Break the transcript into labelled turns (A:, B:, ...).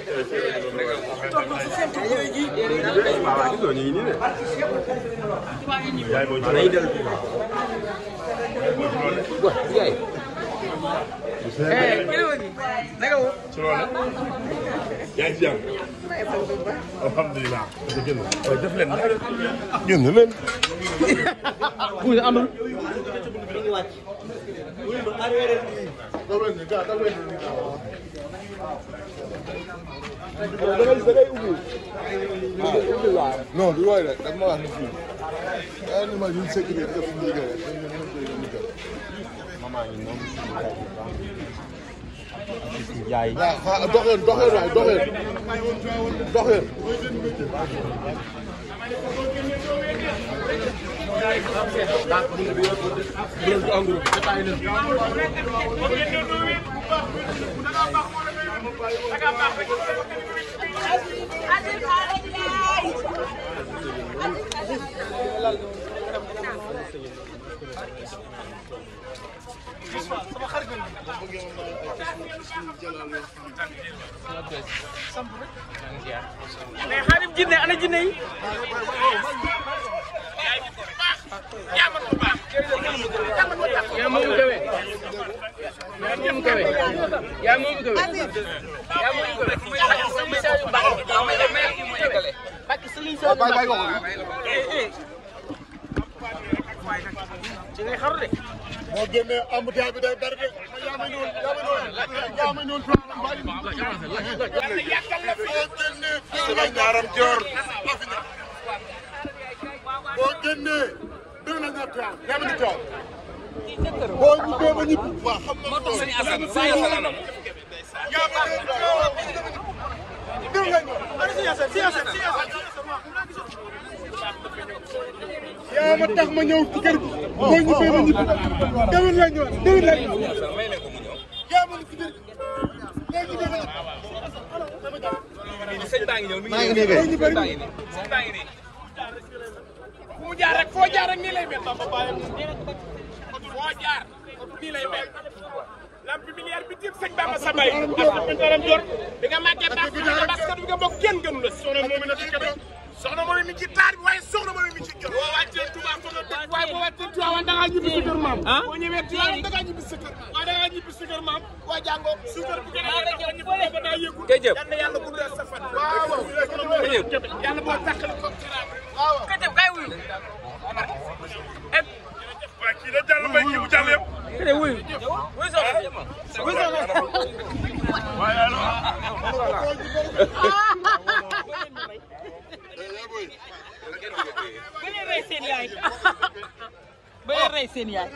A: 哎，
B: 你干啥 yaa ngi si jàmm. alhamdulilah. def leen nag. génn leen. bu dee àndul. non du looy rek da ma wax ni fii. yaa ngi ma ñun sécurité def liggéey rek. maman ñu noonu. waaw xaa ah, ah, doxeen doxeen waay doxeen doxeen sama xarit mais xaadim jinne ana jinne yi. yaa moomu kawe yaa moomu kawe yaa moomu kawe yaa moomu kawe yaa moomu kawe boo génnee embouteillage bi day bari de. yaa ma ñëwoon yaa ma ñëwoon boo génnee dégg nañ la taal yaa ma ñu taal. boo ñu dee ba ñibbi. waaw xam nga loolu yaa ma ñëw dégg nga ñu. yaa ma tax ma ñëw ci kër gi. boo ñibbee ma ñibbi déwén lay ñëwaat déwén lay ñëwaat. yaa ma ci kër gi léegi ñu ne maa ngi nii ñu bëri nii. fu mu jaar rek foo jaar rek nii lay mel. foo jaar nii lay mel. lampi milliard bi tiim sëñ Bamba sa bay. bi nga màggee baax parce que du nga bokk kenn gënu la. soxna moom mi ci taar bi waaye soxna moom mi ci jot. waaye boo wàccee Tiwaawan da ngaa ñibbi sa kër maam. ah boo ñëwee Tiwaawan da ngaa ñibbi sa kër. waaye da ngaa ñibbi sa kër maam. waa jàngoo suukar bu gën a yéex a ñibbi ko daa yëgul. Kéjëf yal na yàlla guddal sa fan. waaw waaw Kéjëf yàlla boo kay wuyu. waa kii la jàll bay kii bu jàll yëpp. seen yaay